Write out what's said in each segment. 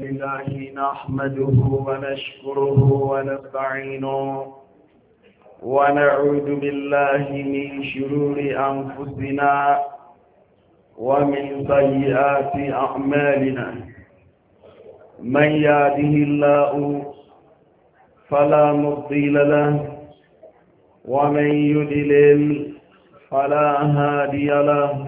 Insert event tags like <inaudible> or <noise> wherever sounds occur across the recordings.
لله نحمده ونشكره ونستعينه ونعوذ بالله من شرور أنفسنا ومن سيئات أعمالنا من يهده الله فلا مضل له ومن يدلل فلا هادي له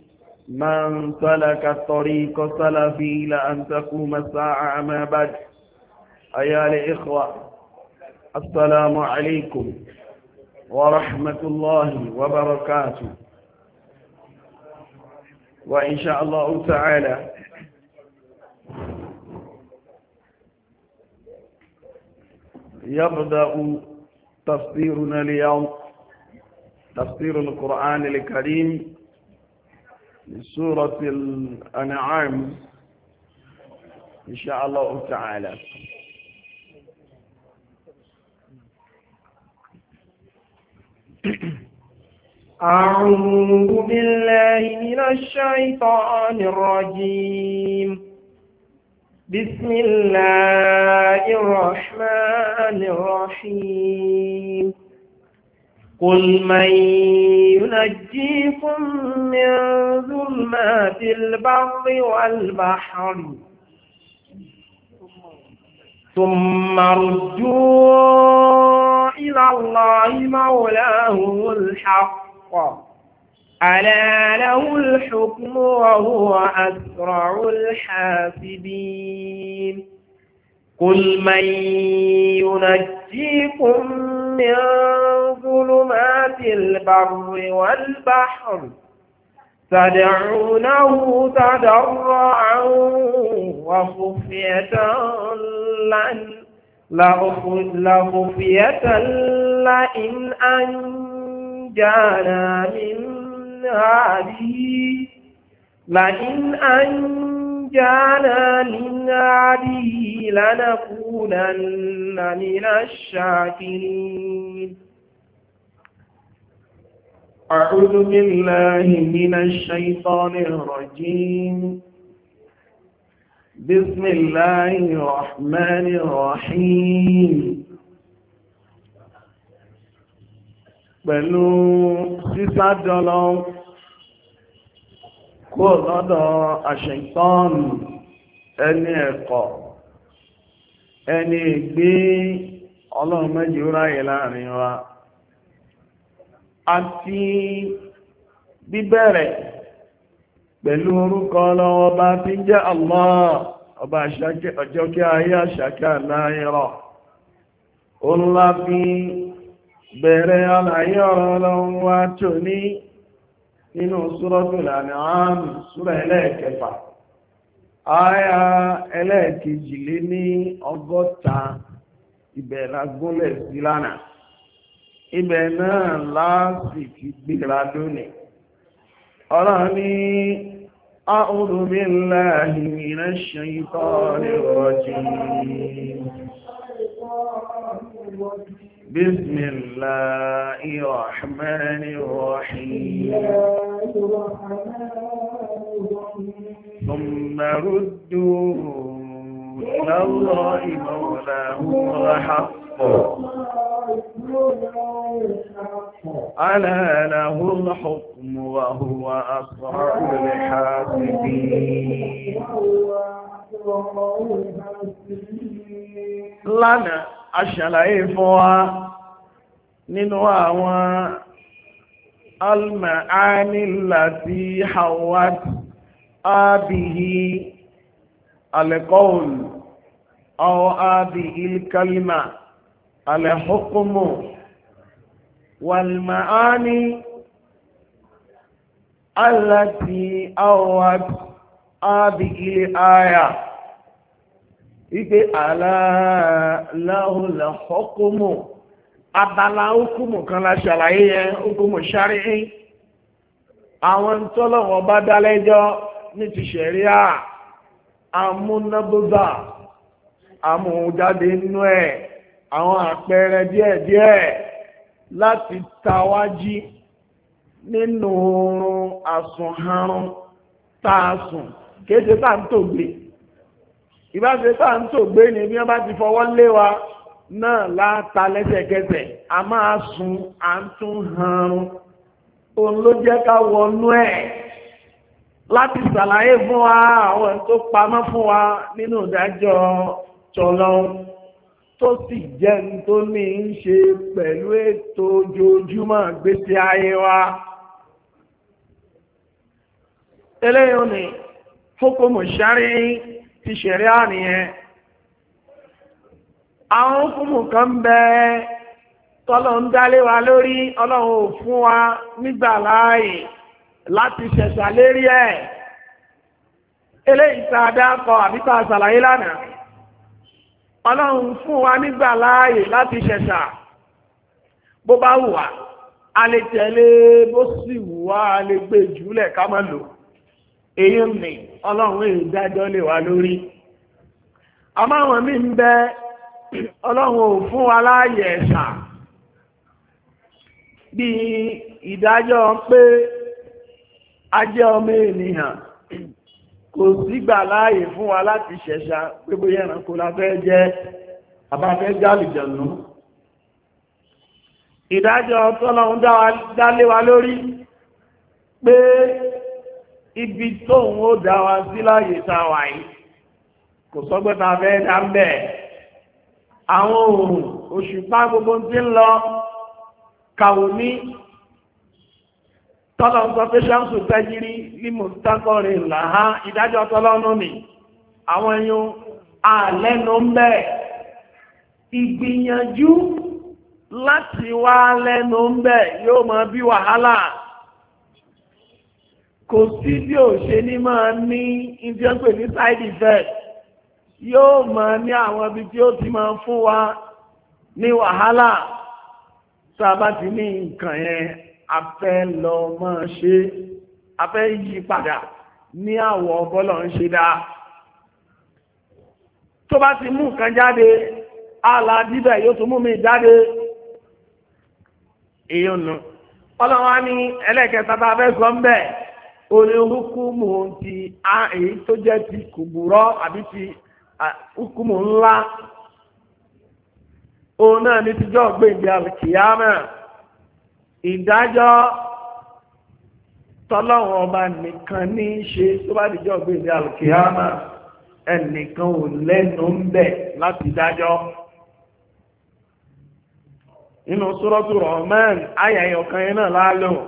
من سلك الطريق سلفي لأن تقوم الساعة ما بعد أيها الإخوة السلام عليكم ورحمة الله وبركاته وإن شاء الله تعالى يبدأ تفسيرنا اليوم تفسير القرآن الكريم لسورة الأنعام إن شاء الله تعالى أعوذ بالله من الشيطان الرجيم بسم الله الرحمن الرحيم قل من ينجيكم من ظلمات البر والبحر ثم ردوا إلى الله مولاه الحق ألا له الحكم وهو أسرع الحاسبين قل من ينجيكم من ظلمات البر والبحر تدعونه تضرعا وخفية لن لخفية لئن أنجانا من هذه لئن أنجانا نجانا من عدي لنكونن من الشاكرين أعوذ بالله من الشيطان الرجيم بسم الله الرحمن الرحيم سيسعد الله kúrò lọ́dọ̀ àṣẹ̀tọ́ọ̀nù ẹni ẹ̀kọ́ ẹni ìgbé ọlọ́run méjì ráyè láàrin wa àti bíbẹ̀rẹ̀ pẹ̀lú orúkọ ọlọ́wọ́ bá ti jẹ́ Allah ọba ọjọ́ kí ayé àṣàkẹ́ àláyẹ̀rọ̀ ó ńlá fi bẹ̀rẹ̀ àlàyé ọ̀rọ̀ ọlọ́run wá tò ní nínú ìlànà An'am súrà ẹlẹ́ẹ̀kẹfà aya ẹlẹ́ẹ̀kejì lé ní ọgọ́ta ibẹ̀ la sí lánàá ibẹ̀ náà láti fi gbéra lónìí ọ̀rọ̀ ní أعوذ بالله من الشيطان الرجيم بسم الله الرحمن الرحيم ثم ردوا إلى الله مولاهم الحق ألا له الحكم وهو أسرع الحاسبين لنا aṣàlàyé fún wa nínú àwọn alìmọ̀ánìlàtí hawat ábìhì awo abihi kalima الكلمة الحكم والمعاني التي أورد هذه الآية wípé aláàláhùlà ọkùnmù abala ọkùnmù kan la ṣàlàyé yẹn ọkùnmù ṣáríhì àwọn tọ́lọ̀wọ́ bá dálẹ́jọ́ ní ti ṣẹ̀ríà amúnábóbà amòjáde nínú ẹ̀ àwọn àpẹẹrẹ díẹ̀díẹ̀ láti tawájí nínú oorun àsùnharun tá kéde tá à ń tògbè ìbáṣe tá à ń tò gbé ni bí wọ́n bá ti fọwọ́ lé wa náà láta lẹ́sẹ̀kẹsẹ̀ a máa sun à ń tún han òun ló jẹ́ ká wọnú ẹ̀ láti ṣàlàyé fún wa àwọn ẹni tó pamọ́ fún wa nínú ìdájọ́ tọ́lọ́ tó sì jẹ́ ní tó ní í ṣe pẹ̀lú ètò ojoojúmọ́ gbèsè ayé wa. eléyìí ni hukumu shari'i ti ṣẹ̀rí àníyẹn àwọn hukumu kan bẹ tọ́lọ̀ ń dálé wa lórí ọlọ́run ò fún wa nígbà láàyè láti ṣẹ̀ṣà lérí ẹ̀ eléyìí tá a dákọ àbí tá a ṣàlàyé lánàá ọlọ́run fún wa nígbà láàyè láti ṣẹ̀ṣà bó bá wù wá a lè tẹ̀lé bó sì wù wá a lè gbé jùlẹ̀ ká má lò èyí mi ọlọ́run èyí dájọ́ lè wà lórí ń bẹ ọlọ́run ò fún wa láàyè ẹ̀ṣà bí ìdájọ́ pé a ọmọ ènìyàn kò sígbà láàyè fún wa láti ṣẹ̀ṣà pé ẹranko jẹ́ àbáfẹ́ jálìjọ̀nù ìdájọ́ tọ́lọ́run wa lórí pé ibi tóun ó dá wa sí láàyè tá a wà yìí kò sọ́gbẹ́ tá a fẹ́ dá ń bẹ̀ àwọn òòrùn òṣùpá gbogbo ti ń lọ kàwọ́ ní tọ́lọ̀ ń sọ pé ṣáàmùsù tẹ́jírí ní mùtákọ́rin làá ìdájọ́ tọ́lọ́nù ni àwọn ẹyún àlẹ́nu ń bẹ̀ ìgbìyànjú láti wá lẹ́nu ń bẹ̀ yóò máa bí wàhálà kò sí bí ò ṣe ní máa ní ìdíọ́pè ní side effect yóò máa ní àwọn ibi tí ó ti máa fún wa ní wàhálà tá a bá ti ní nǹkan yẹn a fẹ́ lọ máa ṣe a fẹ́ yí padà ní àwọ̀ bọ́lọ̀ ń ṣe dáa tó bá ti mú nǹkan jáde ààlà dídẹ̀ yóò tún mú mi jáde èèyàn nù ọlọ́wọ́n á ní ẹlẹ́kẹ̀ẹ́ta tá a fẹ́ sọ ń bẹ́ẹ̀. orí hukumu ti a èyí tó jẹ́ ti kùbùrọ́ àbí ti hukumu ńlá òun náà ní tíjọ́ gbèǹdé àlùkìyámà ìdájọ́ tọ́lọ́run ọba nìkan ní í ṣe tó bá dìjọ́ gbèǹdé àlùkìyámà ẹnìkan ò lẹ́nu ń bẹ̀ láti dájọ́ nínú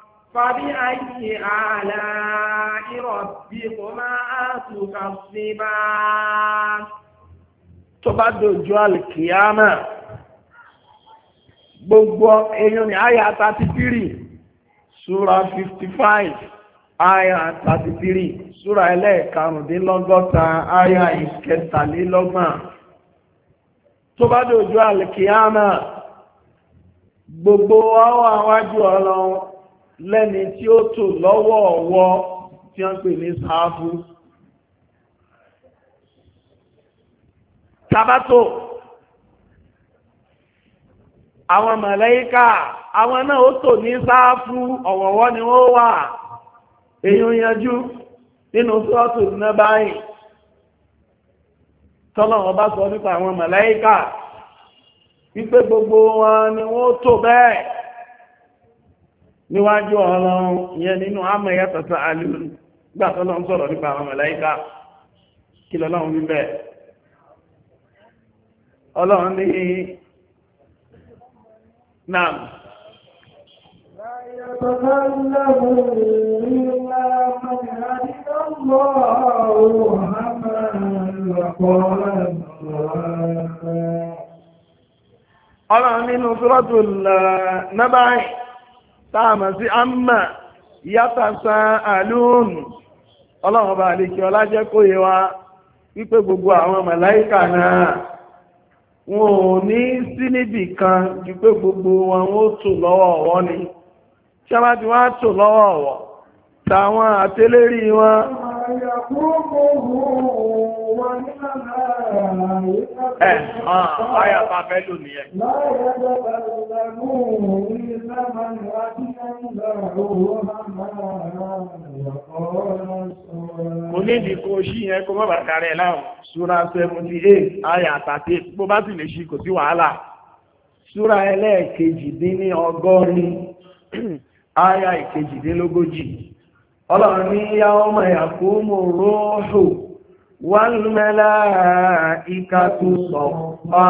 فبأي آلاء ربكما تكذبان tó bá dojú alìkìyámà gbogbo èèyàn ní àyà 33 súra 55 àyà 33 súra ẹlẹ́ẹ̀karùndínlọ́gọ́ta àyà ìkẹtàlélọ́gbọ̀n tó bá dojú alìkìyámà gbogbo wa wà wájú ọlọ́run lẹ́ni tí ó tò lọ́wọ́ ọ̀wọ́ tí wọ́n pè ní sáfù tabato àwọn màláíkà àwọn náà ó tò ní sáfù ọ̀wọ̀wọ́ ni ó wà èyí ń yanjú nínú sọ́ọ̀tù náà báyìí tọ́lọ́wọ́ bá sọ nípa àwọn màláíkà wípé gbogbo wọn ni wọ́n tò bẹ́ẹ̀ níwájú ọlọ́run yẹn nínú àmọ́ ẹ̀yà tọ̀tọ̀ àlùú gbà tó lọ́n sọ̀rọ̀ nípa àwọn màláíkà kí lọ́lọ́run wí bẹ́ẹ̀ ọlọ́run ní náà Ọlọ́run nínú Suratul Naba'i táàmà sí àmà yàtà san àlùún ọlọ́run bá àlekè ọlájẹ́ kó yé wa wípé gbogbo àwọn màláìkà náà wọn ò ní sí níbì kan ju pé gbogbo wọn ó tò lọ́wọ́ ọ̀wọ́ ni tí a bá ti wá tò lọ́wọ́ ọ̀wọ́ tàwọn àtẹlérí wọn. Ẹ̀ ọ̀yà bá fẹ́ lò ní ẹ̀. Mo ní ìdíkò ṣí yẹn kó mọ́ bàtà rẹ̀ láàrùn. Súra 78, àyà àtàtí, bó bá sì lè ṣí kò sí wàhálà. Súra ẹlẹ́ẹ̀kejì dín ní <clears throat> ọgọ́rin, àyà ìkejìdínlógójì. ọlọ́run ní yawma yaqumu ruhu ịka malaikatu saffa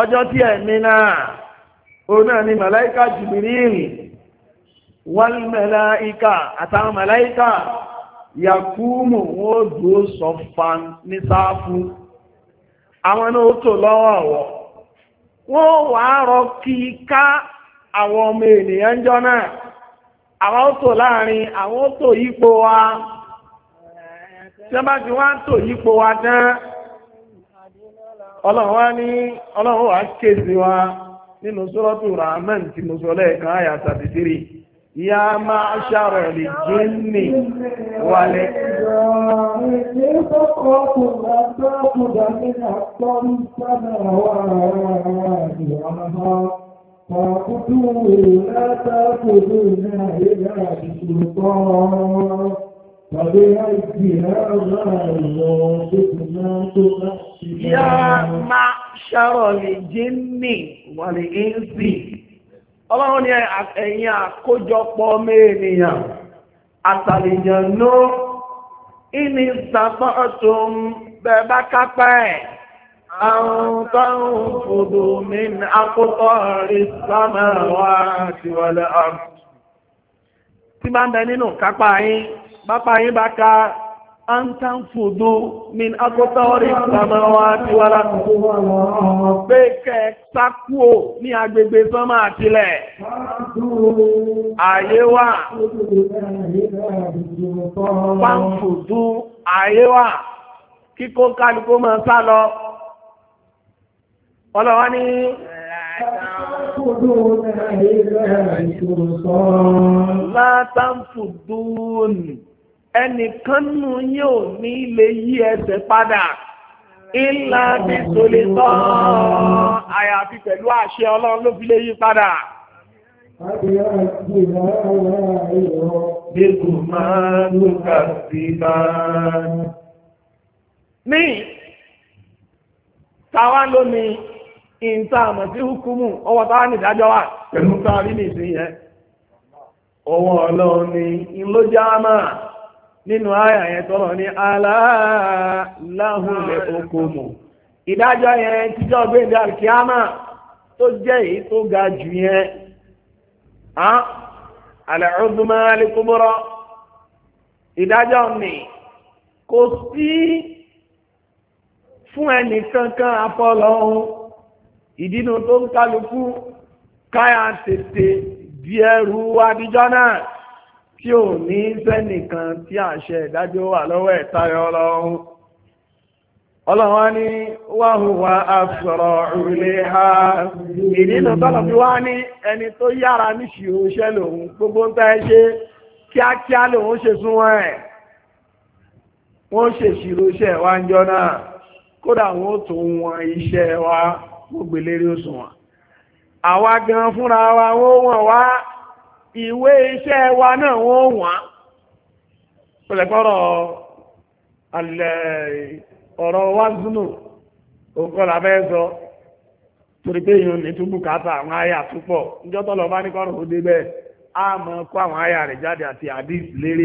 ọjọ́ tí ẹ̀mí náà ni malaika àtàwọn màláíkà yakumu wọn ó dúró sọ̀fà ní sáfù àwọn náà ó tò lọ́wọ́ wọ́n wàá rọ kí ká àwọn ọmọ ènìyàn ń jọ náà àwọn ó tò láàrin àwọn ó tò yípo wa tí wọ́n bá ti wá ń tò yípo wa tán ọlọ́run wá ní ọlọ́run wá kéèsì wa nínú sọ́rọ́tù rahman tí mo sọ lẹ́ẹ̀kan àyà sàbìtìrì ya máa ṣàrọ̀ lè jẹ́ nì wálẹ̀. Thank you. Ya لا تاخذون إلا بسلطان فبأي هذا يوصفنا يا معشر الجن والإنس Ọlọ́run ni ẹ̀yin àkójọpọ̀ ọmọ ènìyàn náà ìní ìsàpọ̀ ọ̀tún bẹ̀ẹ̀ bá kápá ẹ̀. أن تنفذوا من أقطار السماوات والأرض tí bá ń bẹ nínú kápá yín bápá yín bá ka an tán fùdú min akótọ́rí ìsàmọ́wá tí wà látàkùn pé kẹ sákúò ní agbègbè sánmà àtìlẹ̀ àyè wà pàǹfùdú àyè wà kíkó kálukó máa sá lọ ọlọ́wọ́ ní látàmfùdún ẹnìkan nù yí ò ní lè yí ẹsẹ̀ padà ìlà nítorí tọ́ àyàfi pẹ̀lú àṣẹ ọlọ́run ló fi lè yí padà Ní, tàwa lómi ìta àmọ̀ sí hukumu ọwọ́ tàà ní ìdájọ́ wà pẹ̀lú ní yẹn ọwọ́ ọlọ́run ni ìlójáàmà nínú yẹn tọ́rọ ní aláàláhùnlẹ̀ hukumu ìdájọ́ yẹn tíjọ́ gbéǹdé tó jẹ́ èyí tó ga jù yẹn alẹ́ọ̀dúnmọ́ alikúbọ́rọ́ ìdájọ́ ni kò sí fún ẹnì kankan ìdínú tó ń kálukú káyà tètè bí ẹrù adijọ́ náà tí ò ní sẹ́nìkan tí àṣẹ ìdájọ́ wà lọ́wọ́ ẹ̀ tayọ ọlọ́run ọlọ́wọ́ ní wáhùwá afọ̀rọ̀ òrùlé ha ìdínú tọ́lọ̀ fi wá ní ẹni tó yára níṣì oṣẹ́ lòun gbogbo ń tẹ́ ṣe kíákíá lòun ṣe súnwọ́n ẹ̀ wọ́n ṣèṣirò iṣẹ́ wa ń jọ náà kódà wọ́n tún wọn iṣẹ́ wa. gbogbo lérí òṣùwọ̀n àwa gan fúnra wa awa wọn wá ìwé wa náà wọ́n wọ̀n pẹ̀lẹ́kọ́rọ̀ ọ̀rọ̀ wázùnù òǹkọ́ làbẹ́ sọ torí pé ní túbù káta àwọn àyà púpọ̀ níjọ́ tọ́lọ̀ bá ní kọ́rùn ó dé bẹ́ẹ̀ mọ kó àwọn àyà jáde àti lérí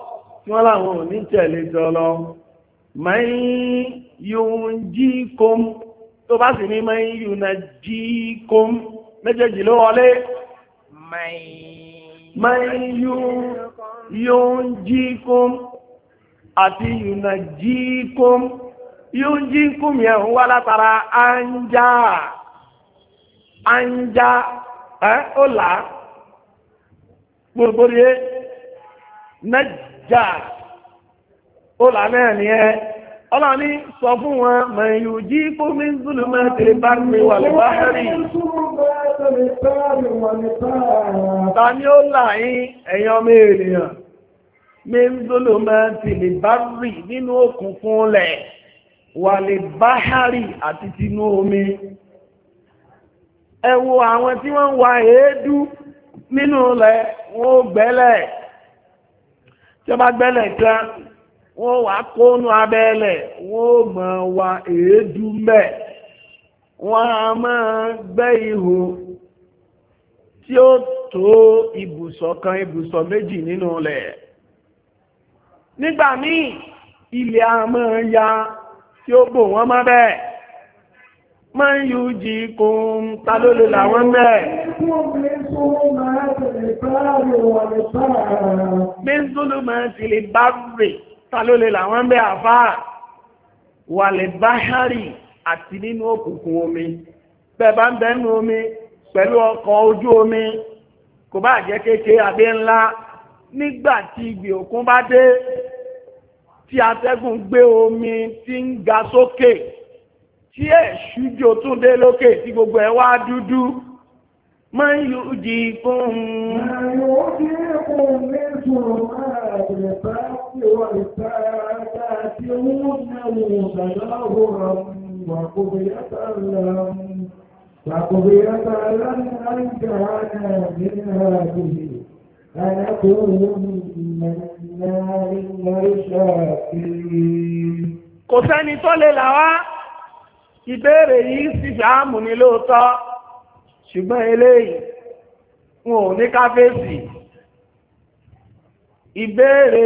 tí wọ́n láwọn ò ní tẹ̀lé tọ́lọ mẹ́yìn yóò jí kóm tó bá sì ní mẹ́yìn yóò na jí kóm méjèèjì ló wọlé mẹ́yìn yóò jí kóm àti yóò na jí kóm yóò jí kóm yẹn ń wá látara anja anja ẹ́ ó là gbogbo rí dajjal ó là náà ni ẹ ọlọ́run sọ fún wọn mẹ̀yù jí fúnmi zulu mẹ́tìrì bá mi wà ní báhárì. ta ni ó là yín ẹ̀yàn ọmọ ènìyàn mi ń zulu mẹ́tìrì bá rì nínú òkùnkùn lẹ̀ wà ní báhárì àti tinú omi ẹ wo àwọn tí wọ́n ń wa èédú nínú rẹ̀ wọ́n gbẹ́lẹ̀ tí wọ́n bá gbẹ́lẹ̀ tán wọ́n wá kónú abẹ́lẹ̀ wọ́n mọ̀ wá èédú mẹ́ wọ́n á máa gbẹ́ ihò tí ó tó ibùsọ̀ kan ibùsọ̀ méjì nínú ilẹ̀ nígbà míì ilẹ̀ a máa ya tí ó bò wọ́n mọ́ bẹ́ẹ̀ máa ń yú jí kún ta ló lè làwọn bẹ́ẹ̀. Bíńsúlù máa ti lè bá rè ta ló lè làwọn bẹ́ àfáà wà lè bá ṣárì àti nínú òkùnkùn omi. Bẹ́ẹ̀ bá ń bẹ nínú omi pẹ̀lú ọkọ̀ ojú omi kò bá jẹ́ kékeré àbí ńlá nígbà tí ìgbì òkun bá dé tí atẹ́gùn gbé omi tí ń ga sókè tí ẹ̀ṣújò tún dé lókè tí gbogbo ẹ̀ wá dúdú máa ń yóò jí fún فقضيت لم أنجانا من هذه أنكون من نار مرشاكين kò sẹ́ni tó lè là wá ìbéèrè yìí sì fàámù ní lóòótọ́ ṣùgbọ́n eléyìí wọn ò ní káfíìsì ìbéèrè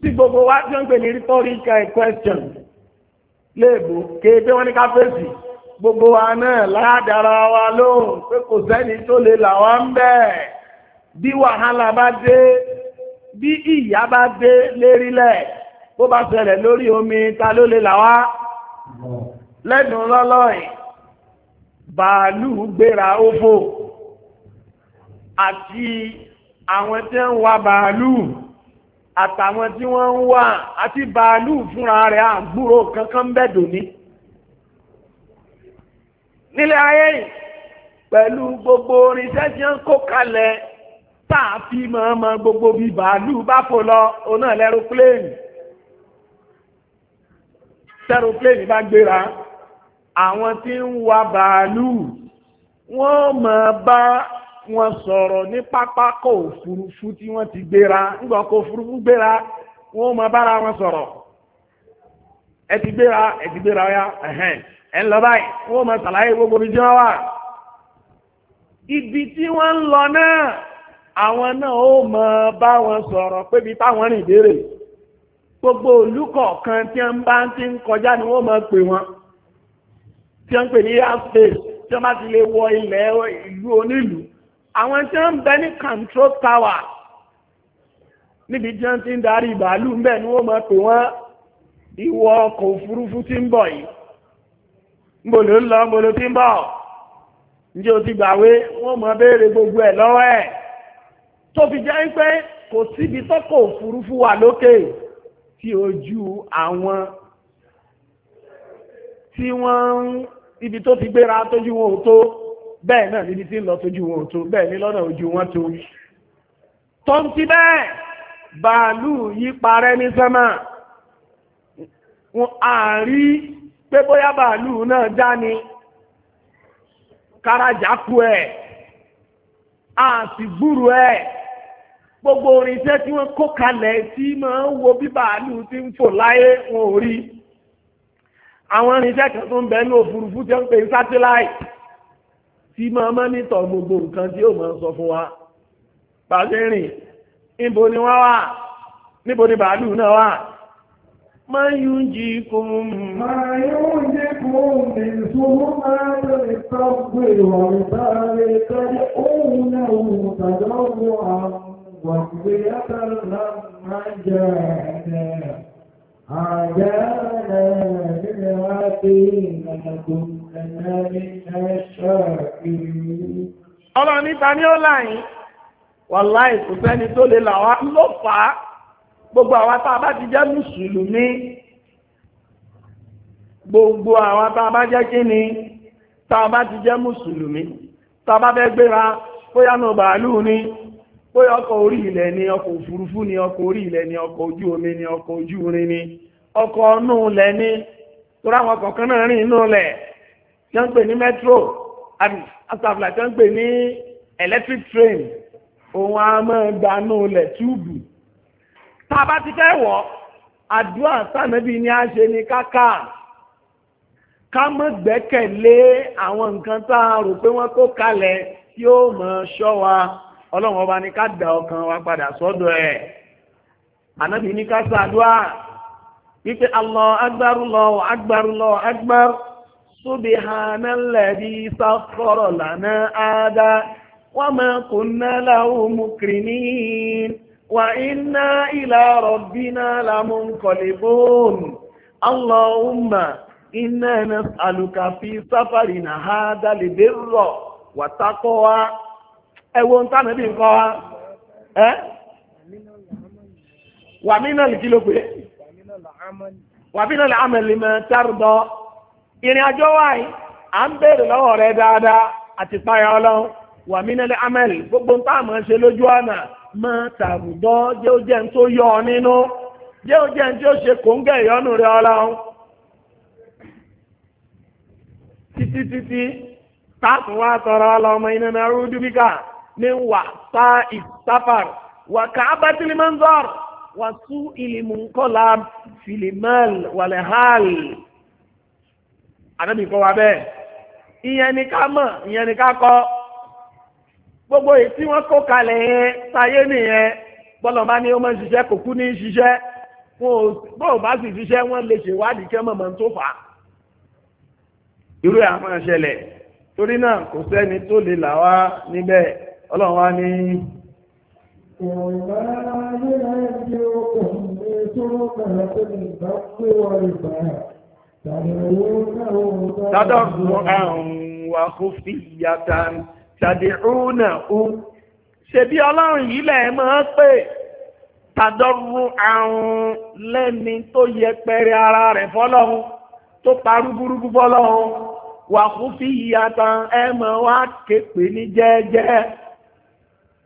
tí gbogbo wa tí wọ́n ń pè ní rhetorical question léèbó kéèké wọ́n ní káfíìsì gbogbo wa náà ládàra wa lóhùn pé kò sẹ́ni tó lè là wá ń bẹ́ẹ̀ bí wàhálà bá dé bí ìyà bá dé lérílẹ̀ bó bá ṣẹlẹ̀ lórí omi ta ló lè là wá lẹ́nu lọ́lọ́yìn bàálù gbéra ófò àti àwọn tí ń wa bàálù àtàwọn tí wọ́n ń wà àti bàálù fúnra rẹ̀ àgbúrò kankan bẹ̀dò ní nílẹ̀ ayé yìí pẹ̀lú gbogbo orinṣẹ́ tí ń kó kalẹ̀ táà fi gbogbo bí bàálù bá fò lọ oná lẹ́rù pléènì tẹ́rù pléènì bá gbéra àwọn tí ń wa bàálù wọ́n máa bá wọn sọ̀rọ̀ ní pápákọ̀ òfurufú tí wọ́n ti gbéra nígbà ọkọ̀ òfurufú gbéra wọ́n máa bára wọn sọ̀rọ̀ ẹ ti gbéra ẹ ti gbéra ya ẹ̀hẹ́n ẹ ń lọ báyìí wọ́n máa ṣàlàyé gbogbo ibi tí wọ́n wà ibi tí wọ́n ń lọ náà àwọn náà ó máa bá wọn sọ̀rọ̀ pé táwọn rìn béèrè gbogbo olùkọ̀ọ̀kan tí wọ́n bá ti kọjá ni wọ́n máa pè wọ́n tí wọ́n ń pè ní airspace tí wọ́n bá ti lè wọ ilẹ̀ ìlú onílù àwọn tí wọ́n bẹ ní control tower níbi tí wọ́n ti ń darí bàálù ń bẹ ni wọ́n mọ̀ pé wọ́n ìwọ ọkọ̀ òfurufú ti ń bọ̀ yìí mbòlò ń lọ mbòlò ti ń bọ̀ ǹjẹ́ o ti gbàwé wọ́n mọ̀ béèrè gbogbo ẹ̀ lọ́wọ́ ẹ̀ tó fi jẹ́ pé kò síbi tọ́kọ̀ òfurufú wà lókè tí ojú àwọn tí wọ́n ń ibi tó ti gbéra tójú wọn ò tó bẹ́ẹ̀ náà níbi tí ń lọ tójú wọn ò tó bẹ́ẹ̀ ní lọ́nà ojú wọn tó tó ń ti bẹ́ẹ̀ bàálù yí parẹ́ ní sánmà wọn àárí pé bóyá bàálù náà já ni kárajà kú ẹ̀ àti gbúrú ẹ̀ gbogbo orin iṣẹ́ tí wọ́n kó kalẹ̀ tí máa ń wo bí bàálù ti ń fò láyé wọn ò rí i àwọn irinṣẹ́ kan tó ń bẹ ní òfurufú tí wọ́n ń pè ní sátíláì tí máa mọ́nítọ̀ gbogbo nǹkan tí ó máa sọ fún wa pàṣẹ rìn níbo ni wọ́n wà níbo ni bàálù náà wà máa ń yún jí kún un. máa yún jí kún un ní ìṣòro máa ń lè tọ́ pé ìwà ìbáraẹ tẹ́lẹ̀ òun náà wù tàbí ọ̀gbọ̀n àwọn ìwà ìgbéyàtà náà máa ń ẹ̀ẹ́dẹ́rẹ́. عجانا للعقيم كنا منا الشاكرين ọlọ́run níta ní ó láyìn wàláì kò sẹ́ni tó lè là wá ló fà gbogbo àwa tá bá ti jẹ́ mùsùlùmí gbogbo àwa tá bá jẹ́ kí ni tá bá ti jẹ́ mùsùlùmí tá bá fẹ́ gbéra bóyá bàálù ni bóyá ọkọ̀ orí ilẹ̀ ni ọkọ̀ òfurufú ni ọkọ̀ orí ilẹ̀ ni ọkọ̀ ojú omi ni ọkọ̀ ojú irin ni ọkọ̀ ọnú ilẹ̀ ni torí àwọn ọkọ̀ kan náà rìn inú ilẹ̀ tí wọ́n ń pè ní metro asàfilà tí wọ́n ń pè ní electric train òun a máa gbanú ilẹ̀ túùbù tá a bá ti fẹ́ wọ̀ àdúrà sànẹ́bí ni a ṣe ni káká ká má gbẹ́kẹ̀lé àwọn nǹkan tá a rò pé wọ́n kó kalẹ̀ tí ó ṣọ́ wa. ọlọ́run ọba ní ká dá ọkàn wa padà sọ́dọ̀ ẹ̀ ànábì ní ká ṣàdúà wípé Allahu akbar Allahu akbar Allahu akbar subhanalladhi sakhkhara lana hādhā wa mā kunnā lahu muqrinīn wa innā ilā rabbinā lamunqalibūn Allahumma innā nas'aluka fī safarina hādhā al-birra wa ẹwọ ń tánà bí nǹkan wa ẹ́ wà kí ló pé wà mí lè amẹ̀lì mẹ́ tẹ́rùdọ́ ìrìn wáyé à ń bèèrè lọ́wọ́ rẹ dáadáa àti páyà ọlọ́run wà gbogbo ń ṣe lójú ọ̀nà jẹ́ ń tó yọ ọ nínú jẹ́ ń tí ó ṣe ìyọnu rẹ ọlọ́run títí títí tọrọ ọlọ́mọ min wàsá ìsáfàr wà káàbà tìlímọ́ńdọ́r wà sú ìlìmùkọ́lá fìlímọ́l wàlẹ́hàl. àdàbí kọ́ wa bẹ́ẹ̀ ìyẹn ni ká mọ̀ ìyẹn ni ká kọ́ gbogbo èyí tí wọ́n kó kalẹ̀ yẹn sáyé nìyẹn bọ́lọ̀ bá ní ó máa ń ṣiṣẹ́ kò kú ní í ṣiṣẹ́ bọ́ọ̀ bá sì ṣiṣẹ́ wọ́n lè ṣèwádìí kẹ́ mọ̀mọ́ tó fà á. irú ẹ̀ á máa ṣẹlẹ̀ torí náà kò sẹ́ni tó lè là wá níbẹ̀ ọlọ́run wá ní tàdìrúnà ohun ṣebí ọlọ́run yìí lẹ̀ máa pè tàdọ́rù àrùn lẹ́ni tó yẹpẹrẹ ara rẹ̀ fọ́lọ́run tó parú burúkú fọ́lọ́run wà fún fìyàtàn ẹ wá képe ní jẹ́ẹ́jẹ́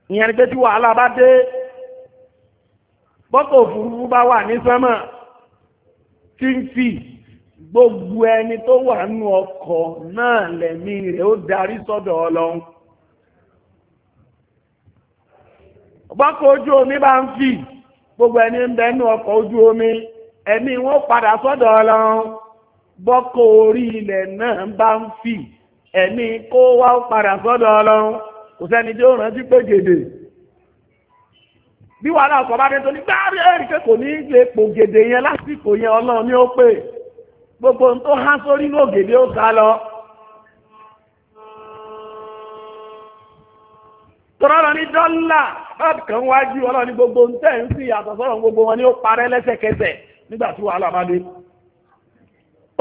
ìyẹn pé tí wàhálà bá dé bọ́tò òfurufú bá wà ní sẹ́mọ̀ tí ń fi gbogbo ẹni tó wà nínú ọkọ̀ náà lẹ̀mí rẹ̀ ó darí sọ́dọ̀ ọlọ́run bọ́kọ̀ ojú omi bá ń fì gbogbo ẹni ń bẹ nínú ọkọ̀ ojú omi ẹ̀mí wọn padà sọ́dọ̀ ọlọ́run bọ́kọ̀ orí ilẹ̀ náà bá ń fì ẹ̀mí kó wá padà sọ́dọ̀ ọlọ́run kò sẹ́ni tí ó rántí pé gèdè bí wàhálà ọkọ̀ bá dé tó ní gbáàrí ẹ̀rí pé kò ní í lè pò gèdè yẹn lásìkò yẹn ọlọ́run ni ó pè gbogbo tó há sórí ní ògèdè ó sá lọ. tọ́lọ́ ní dọ́là báàbì kan wájú ọlọ́run ní gbogbo ń tẹ̀ ń sìn yàtọ̀ sọ́rọ̀ gbogbo wọn ni ó parẹ́ lẹ́sẹ̀kẹsẹ̀ nígbà tí wàhálà bá dé.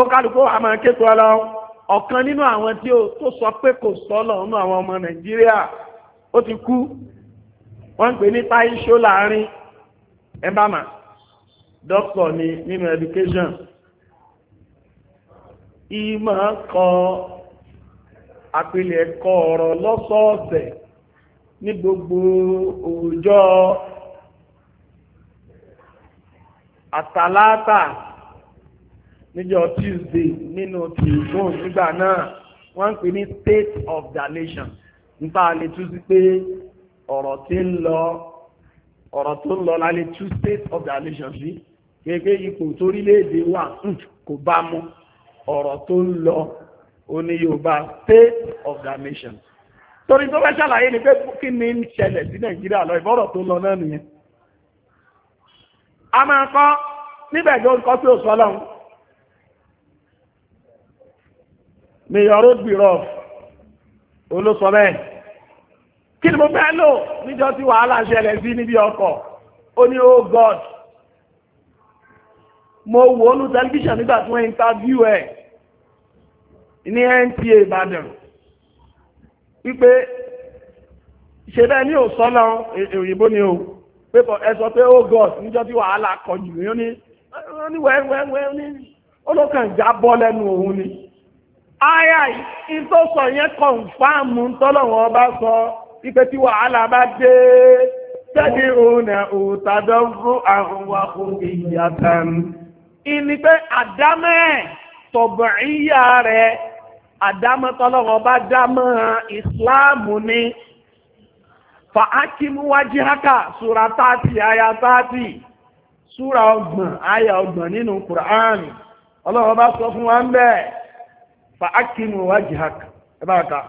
ó kálukú àmọ́ kékeré ọlọ́run ọ̀kan nínú àwọn tí ó tó sọ pé kò sọ́lọ̀ nínú àwọn ọmọ nàìjíríà ó ti kú wọ́n ń pè ní táìṣó láàrin ẹbámà dókítọ̀ ni nínú education ìmọ̀ kọ àpilẹ̀ ẹ̀kọ́ ọ̀rọ̀ lọ́sọ̀ọ̀sẹ̀ ní gbogbo òòjọ́ àtàlátà níjọ́ Tuesday nínú tìrìbùn nígbà náà wọ́n ń pè ní state of the nation nípa àlè tún sí pé ọ̀rọ̀ tí ń lọ ọ̀rọ̀ tó ń lọ lálẹ́ two state of the nation sí gẹ́gẹ́ ipò torílẹ̀-èdè wà hmm, kò bá mu ọ̀rọ̀ tó ń lọ oní Yorùbá state of the nation torí tó fẹ́ ṣàlàyé ni pé kí ni ń ṣẹlẹ̀ sí Nàìjíríà lọ ìbọ̀rọ̀ tó ń lọ náà nìyẹn a máa kọ́ níbẹ̀ gan kọ́ sí òṣùwọ́n lọ́hùn May your road be rough. Olóṣọ bẹ́ẹ̀. Kí ni mo fẹ́ lò níjọ́ tí wàhálà ṣẹlẹ̀ sí níbi ọkọ̀? Ó ní oh God. Mo wò ó nu tẹlifíṣàn nígbà tí wọ́n interview ẹ̀ ní NTA Ìbàdàn. Wípé ṣe bẹ́ẹ̀ ní òsọ́nà òyìnbó ni o. Pépọ̀ ẹ sọ pé oh God níjọ́ tí wàhálà kọjú. Ó ní wẹ́wẹ́wẹ́ ó ní olókàn já bọ́ lẹ́nu òun ni. aya ìtọ́sọ yẹn sọ ipe tí wàhálà bá dé tẹ́lẹ̀ òun òtàdọ́ fún àwọn ìní pé àdámẹ́ rẹ̀ bá dámọ́ ìsìláàmù ni fàákìmú wájí hákà sura 30 aya 30 sura ọgbọ̀n aya ọgbọ̀n nínú kùránì ọlọ́wọ́ bá sọ fún wa ń bẹ́ẹ̀ fa akínú wajhak ẹ bá ka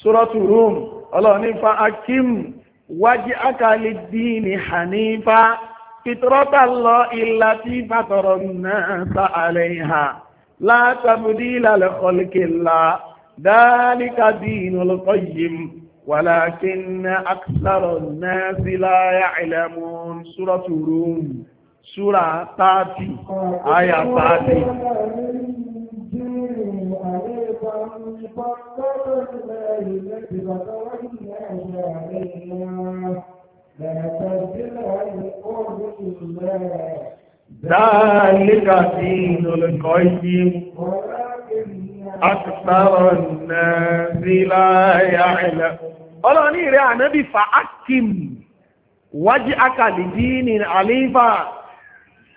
suratu rum ọlọ́run ní fa akínú wajhaka lid-dini hanifa fitrata Allahi allati fatara an-nasa 'alayha la tabdila li khalqillah dhalika dinul qayyim walakinna akthara an-nasi la ya'lamun suratu rum súra táàtì àyà táàtì ذلك دين القيم أكثر الناس لا يعلم ọlọ́ni rẹ̀ ànábì fa akim wájí akàlì dínì àlífà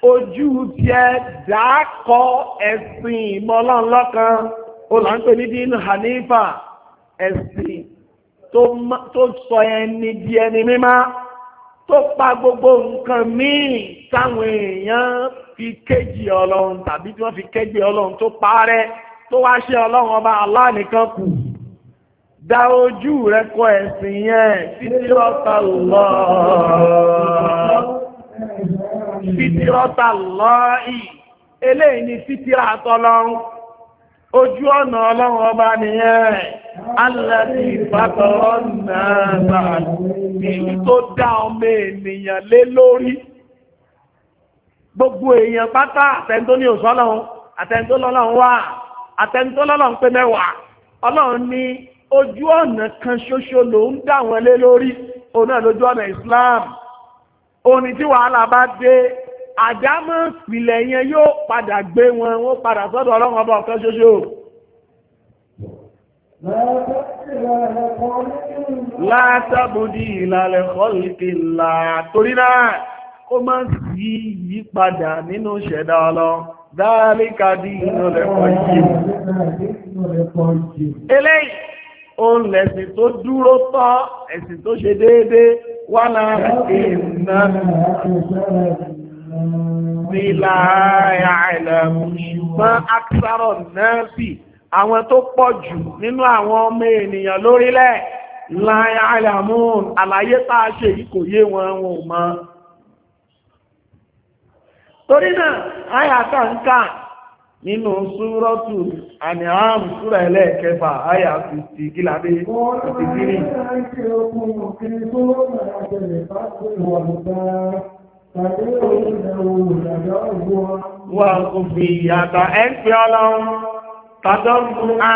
ojú tiẹ̀ dákọ̀ ẹ̀sìn ìmọ̀lọ́lọ́kan ó là ń pè ní dínú hanifa ẹ̀sìn tó sọ ẹni di ẹni mímá tó pa gbogbo nǹkan míì táwọn èèyàn fi kéjì ọlọ́run tàbí tí wọ́n fi kéjì ọlọ́run tó parẹ́ tó wá ṣe ọlọ́run ọba Allah kù dá ojú rẹ kọ ẹ̀sìn yẹn títí lọ́ta lọ́ọ́ fitirọ́tà lọ́ọ̀ì eléyìí ni fitira àtọ́lọ́run ojú ọ̀nà ọlọ́run ọba nìyẹn alẹ́bí ìfàtọ̀rọ̀ náà èyí tó dá ọmọ ènìyàn lé lórí gbogbo èèyàn pátá àtẹ́ntó ní òṣọ́lọ́run àtẹ́ntó lọ́lọ́run wà àtẹ́ntó pé mẹ́wàá ọlọ́run ní ojú ọ̀nà kan ṣoṣo ló dá wọn lé lórí òun náà lójú ọ̀nà Islam òní tí wàhálà bá dé àdámọ́ ìpìlẹ̀ yẹn yóò padà gbé wọn wọ́n padà sọ́dọ̀ ọlọ́run ọba ọ̀kan ṣoṣo. látàbùdí ìlàlẹ̀ kọ́lìkì là torí náà ó máa ń sí ìyípadà nínú ìṣẹ̀dá ọlọ́run dáálíkà dín yìí. eléyìí òun lẹ̀sìn tó dúró tọ́ ẹ̀sìn tó ṣe déédéé wà lára ìrìnà nílá àìlẹ̀mù ṣùgbọ́n aksarọ̀ náà sì àwọn tó pọ̀ jù nínú àwọn ọmọ ènìyàn lórílẹ̀ láyá àìlẹ̀mù àlàyé táa ṣe yìí kò yé wọn wọn mọ́ torí náà àyàtọ̀ nǹkan nínú súrọ́tù àmì ààrùn súrà ẹlẹ́ẹ̀kẹfà àyà fìtì gílàdé àti gírí wà òfin ìyàtà ẹ́fẹ́ ọlọ́run tàdọ́rùn a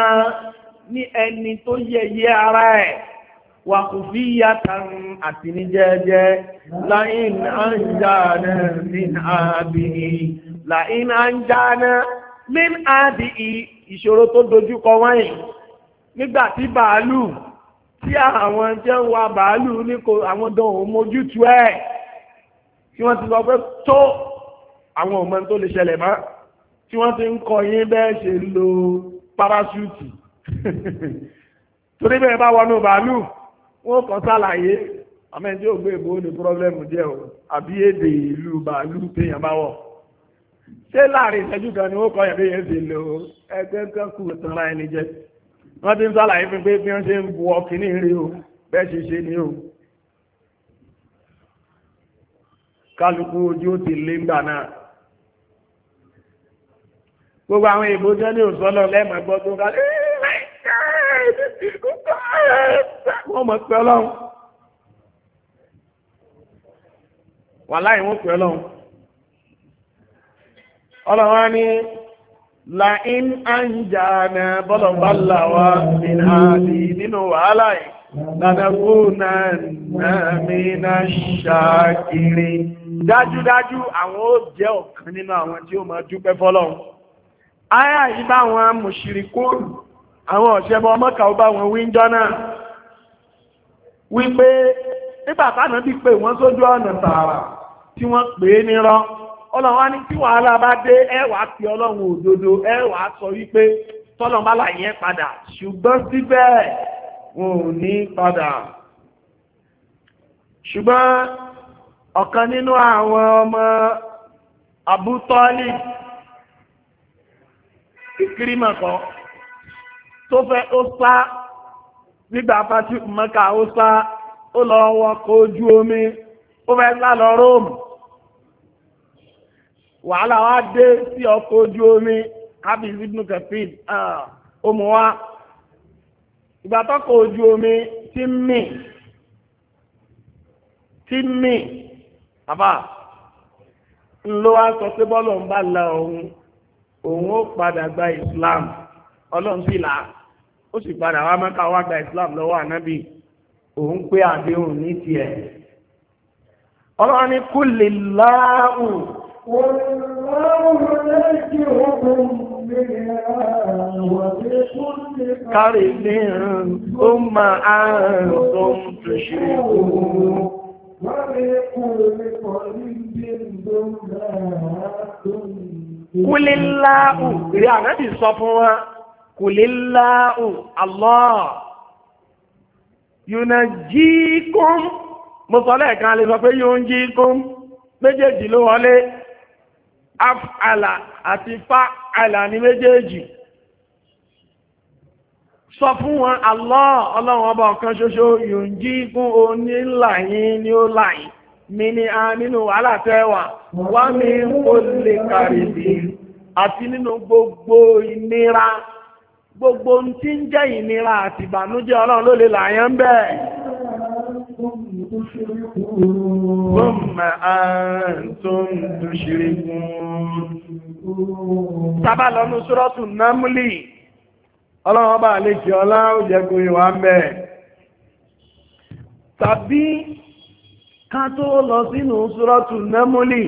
ní ẹni tó yẹyẹ ara ẹ̀ wà kò fi àti ní jẹ́jẹ́ láìní àjáná ní àbìnrin láìní àjáná min adi ìṣòro tó dojúkọ wáyé nígbà tí bàálù tí àwọn jẹ́ ń wa bàálù ní kò àwọn dán òun mójútu ẹ̀ tí wọ́n ti sọ pé tó àwọn ọmọ tó lè ṣẹlẹ̀ mọ́ tí wọ́n ti ń kọ yín bẹ́ẹ̀ ṣe lo parasúùtì <laughs> torí bẹ́ẹ̀ bá wọnú bàálù wọ́n kọ́ sàlàyé àmọ́ ẹni tí ò gbé ìbò ní pírọ́blẹ́mù díẹ̀ o àbí èdè ìlú bàálù téèyàn bá wọ̀ ṣé láàrin ìṣẹ́jú kan ni wọ́n kọ́ ẹ̀rí yẹn ti lò ẹgbẹ́ kan kù tanra ẹni jẹ wọ́n ti ń sàlàyé fún pé bí wọ́n ṣe ń bu ọkìnrin rí o bẹ́ẹ̀ ṣe ṣe ni o kálukú ojú ó ti lé ńgbà náà gbogbo àwọn èèbó jẹ́ ní òsọ́lọ lẹ́mọ̀ ẹgbọ́ tó ká wọ́n mọ̀ pẹ́ ọlọ́run wà wọ́n pẹ́ ọlọ́run ọlọ́wọ́ ní la'in an jàánà bọ́lọ̀bọ́lá wa min àdì nínú wàhálà yìí lánàkú náà mìíná ṣàkiri dájúdájú àwọn ó jẹ́ ọ̀kan nínú àwọn tí ó máa dúpẹ́ fọ́lọ́run ayá yìí bá wọn mùṣírikùn àwọn ọ̀ṣẹ́bọ ọmọkà ó bá wọn wíńjọ́ náà wípé nígbà bí pé wọ́n sójú ọ̀nà tààrà tí wọ́n pè é nírọ́ ọlọ́run wá ní tí wàhálà bá dé ẹ wà á pe ọlọ́run òdodo ẹ wà á sọ wípé tọ́lọ́run bá là yẹn padà ṣùgbọ́n síbẹ̀ wọn ò ní padà ṣùgbọ́n ọ̀kan nínú àwọn ọmọ abútọ́lì ìkírímọ̀ kan tó fẹ́ ó sá nígbà fásitì mọ́ka ó sá ó lọ wọkọ̀ ojú omi ó fẹ́ sá lọ róòmù wàhálà wa dé sí ọkọ̀ ojú omi abis ibn kafid ọmọ wa ìgbà tọ́kọ̀ ojú omi ti ń mì ti ń mì àbá ńlọ wa sọ pé bọ́ọ̀lù ń bá la òun òun ó padà gba islam ọlọ́run sì là ó sì padà wá mẹ́ka wá gba islam lọ́wọ́ ànábì òun pé àdéhùn ní tiẹ̀ ọlọ́run ní kúlè Kárí ní ó máa ààrùn tó ń tó ṣe ohun. Wọ́n rí kúrò sọ fún wa, kúléláàù, Allah, yóò na jí kún, mo sọ lẹ́ẹ̀kan lè pé yóò ń jí kún, méjèèjì ló wọlé. af'ala àti fa'ala ni méjèèjì sọ fún wọn Allah ọlọ́run ọba ọ̀kan ṣoṣo yòǹjí fún onílà yín ni ó láyìn mi ni a nínú wàhálà tẹ́wà wá mi ó lè kàrìbì àti nínú gbogbo ìnira gbogbo tí ń jẹ́ ìnira àti ìbànújẹ́ ọlọ́run ló lè làyàn bẹ́ẹ̀ تشركون ثم أنتم تشركون sábà lọ ní Námúlì, ọlọ́wọ́ bá lè kí ọlá òjẹ̀kùn ìwà mẹ́. Tàbí ká tó lọ sínú Ṣúrọ́tù Námúlì,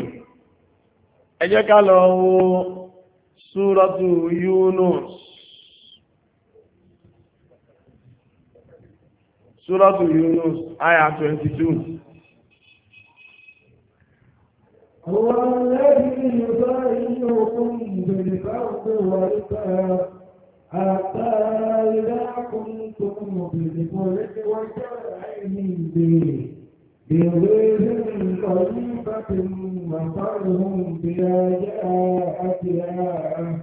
ẹ jẹ́ ká lọ wo Ṣúrọ́tù Yúnus. Suratu Yunus aya 22. هو الذي يبايعكم بالبرد والبرد حتى إذا كنتم بالبرد وجاءهم به بغير طريقة مطرهم بها جاءتها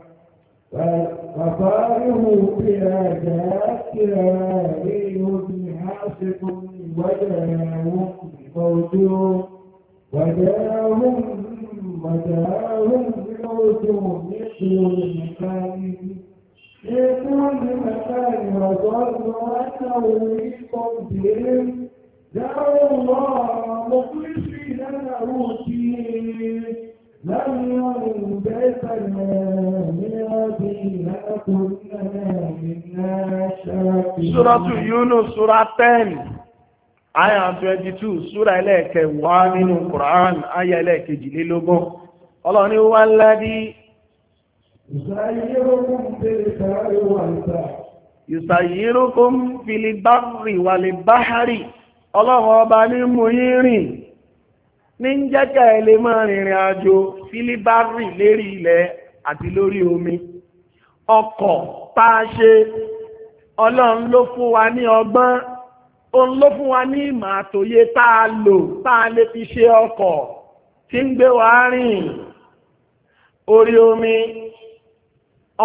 وطاره بها جاءتها ليهزم أنفسكم وداهم موجود وداهم وداهم موجود يشير المكان في كل مكان وظنوا أنه رزق بهم دعوا الله مخلصين له الدين لم ينبت من أبينا كلنا Súrọ́tù Yúnus Súra 10, Aya 22, Súra ẹlẹ́ẹ̀kẹwàá nínú Kùrán, Aya ẹlẹ́ẹ̀kejìlélógún. Ọlọ́run wá ládí. Ìsàyírókún fìlì bárì wà lè báhárì. Ọlọ́run ọba ní mú yí rìn. Ní jẹ́kẹ̀ ilé máa rìnrìn àjò fili bárì lérí ilẹ̀ àti lórí omi. Ọkọ̀ tá a ọlọ́run ló fún wa ní ọgbọ́n òun ló fún wa ní ìmọ̀ àtòyé tá a lò tá a lè fi ṣe ọkọ̀ tí ń gbé wa rìn orí omi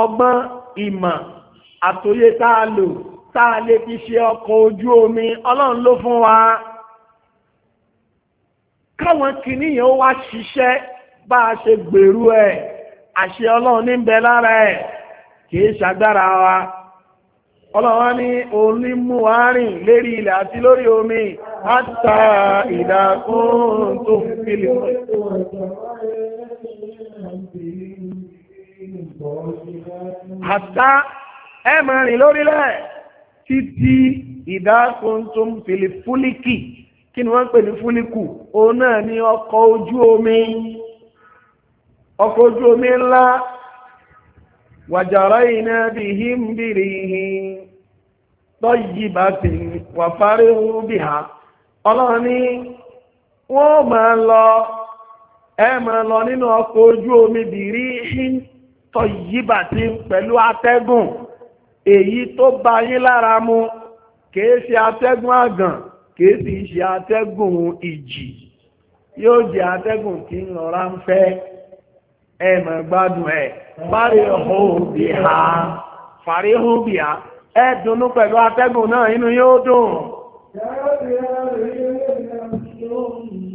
ọgbọ́n ìmọ̀ àtòyé tá a lò tá a lè fi ṣe ọkọ̀ ojú omi ọlọ́run ló fún wa káwọn kìnìyàn ó wá ṣiṣẹ́ bá a ṣe gbèrú ẹ̀ àṣẹ ọlọ́wọ́ ní òní mú wá lérí ilẹ̀ omi àtà ìdákún tó fílì àtà ẹ lórílẹ̀ títí ìdákún tó fílì fúlíkì kí ni wọ́n pè ní ni ọkọ̀ ojú omi ọkọ̀ وجرينا بهم بريح طيبة وفرحوا بها ọlọ́run ní wọ́n máa lọ ẹ máa lọ nínú ọkọ̀ ojú omi bìrí tọ́ yíbà tí pẹ̀lú atẹ́gùn èyí tó bá yín lára mu kìí ṣe atẹ́gùn àgàn kìí sì ṣe atẹ́gùn ìjì yóò jẹ́ atẹ́gùn tí ń lọ́ra ń ẹ̀mọ̀ gbádùn ẹ̀ fàríhù bí a ẹ̀dùnú pẹ̀lú atẹ́gùn náà inú yóò dùn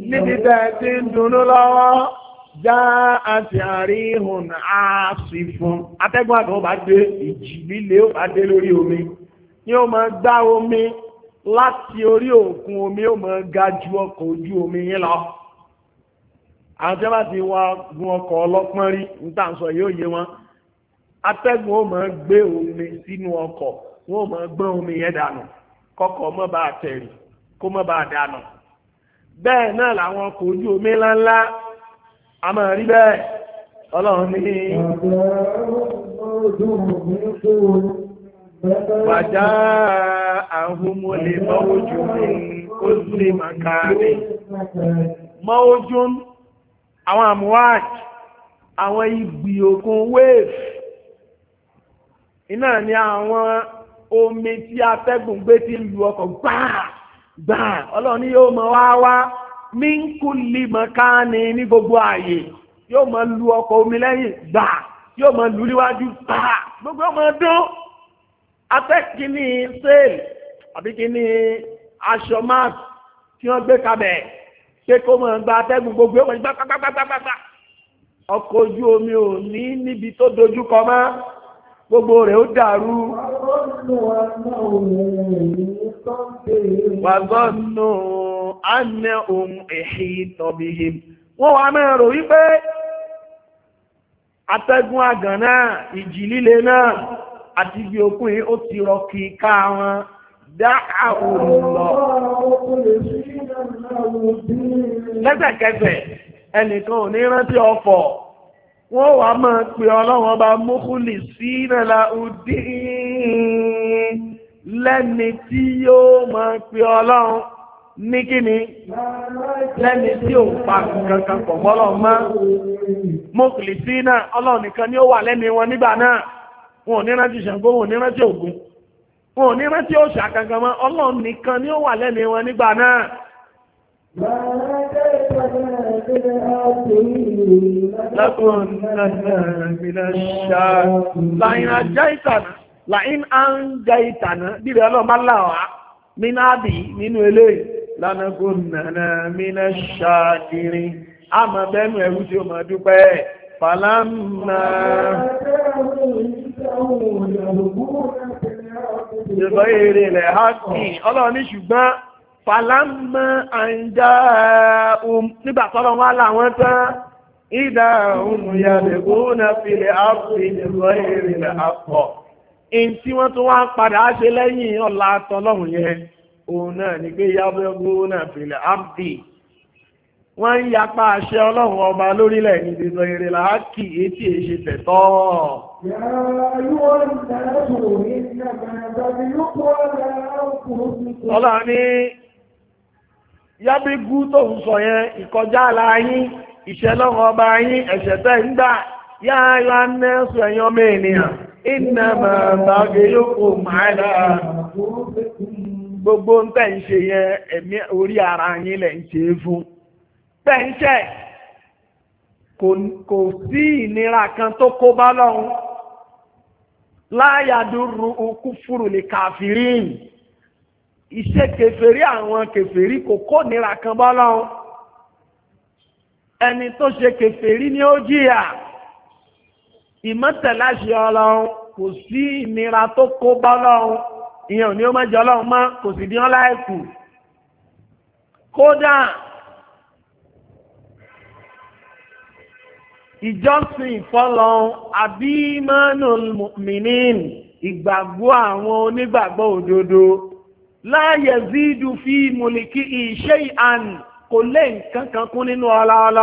níbi tẹ́ ti ń dùnú lọ́wọ́ já àti àríhùn àásì fún atẹ́gùn àgbà bá dé ìjì líle ó bá dé lórí omi ni ó máa gbá omi láti orí òkun omi ó máa ga ju ọkọ̀ ojú omi yín lọ àwọn tí wọ́n bá ti wá gun ọkọ̀ ọlọ́pọ́n rí ń tà ń sọ yóò yé wọn atẹ́gùn ó máa gbé omi sínú ọkọ̀ wọ́n ó máa gbọ́n omi yẹn dànù kọ́kọ́ mọ́ bá tẹ̀rì kó mọ́ bá dànù bẹ́ẹ̀ náà làwọn ọkọ̀ ojú omi ńláńlá a máa rí bẹ́ẹ̀ ọlọ́run ní. Bàjá àhúmọ́ lè mọ́ ojú mi kó lè màkà mi. Mọ́ ojú mi àwọn àmúwáàjì àwọn ibi òkun wave iná ni àwọn omi tí atẹ́gùn gbé ti ń lu ọkọ̀ gbáà gbáà ọlọ́run ni yóò mọ wá wá mínkùlì mọ̀káàní ní gbogbo ààyè yóò mọ lu ọkọ̀ omi lẹ́yìn gbáà yóò mọ lu níwájú gbáà gbogbo ọmọ dún atẹ́kìní sale àbí kìíní aṣọ mask tí wọ́n gbé kabẹ̀ ṣé kó mọ̀ ń gba atẹ́gùn gbogbo ẹ̀wọ̀n gbá pápápápápá ọkọ̀ ojú omi ò ní níbi tó dojú kọ mọ́ gbogbo rẹ̀ ó dàrú. wàgọ́nù ánẹ́ ohun um èhì tọ̀bìhì wọ́n wá máa rò wípé atẹ́gùn àgàn náà ìjì líle náà àti ibi òkun yìí ó ti rọ kí wọn dá àwọn lọ. lẹ́sẹ̀kẹsẹ̀ ẹnìkan ò ní rántí wọ́n pe ọlọ́run sí lẹ́ni tí yóò pe ọlọ́run ní kíni lẹ́ni tí ò pa kankan pọ̀ mọ́lọ́ mọ́ sí ni ó wà lẹ́ni wọn nígbà náà wọn ò ní rántí wọn ò ní rántí wọn ò ní kankan mọ́ ọlọ́run Láyìn ajá ìtànà, ọlọ́mà láwá, mínàbì nínú ilé, lánàkó nànà mínà ṣàdìrí, a mọ̀ bẹ́nu ẹ̀rú tí ó mọ̀ dúpẹ́, fàlámà. Ìrọ̀ èrè lẹ̀ hákì, ṣùgbọ́n fàlámà anja um nígbà tọ́lọ wá láwọn tán ìdá òun yàbẹ̀kú na fìlẹ̀ àpò ìjẹ̀lọ ìrìnlẹ̀ àpọ̀ in tí wọ́n tún wá padà ṣe lẹ́yìn ọ̀la tọ́lọ́hùn yẹn òun náà ní pé yàbẹ̀kú na fìlẹ̀ àpì wọ́n ń yapa àṣẹ ọlọ́run ọba lórílẹ̀ ní ìdìbò ìrìn làákì etí èṣe tẹ̀tọ́. ọlọ́run ní yábígú tó ń sọ yẹn ìkọjá àlá yín ìṣẹ́lọ́wọ́ ọba yín ẹ̀ṣẹ̀ tẹ́ ń gbà yá ayọ́ anẹ́sùn ẹ̀yọ́ mẹ́ẹ̀nìyàn iná máa bá gé yókù máìlá gbogbo ń tẹ̀ ń ṣe yẹn ẹ̀mí orí ara yín lẹ̀ ń ṣe é fún tẹ̀ kò sí ìnira kan tó kó bá lọ́hùn láyàdúrú kúfúrú lè kàfírìn iṣẹ́ kèfèrí àwọn kèfèrí kò kó nira kan bá lọ́wọ́ ẹni tó ṣe kèfèrí ni ó jìyà ìmọ̀tẹ̀láṣẹ ọlọ́run kò sí ìnira tó kó bá lọ́wọ́ ìyẹn ò ní ó má jẹ ọlọ́run mọ́ kò sì dín ọlá ẹ̀kú kódà ìjọsìn ìfọlọ́run àbí mọ́nù mìíràn ìgbàgbọ́ àwọn onígbàgbọ́ òdodo la yazidu fi mulkihi shay'an kò lé nǹkan kan kún nínú ọlá ọlá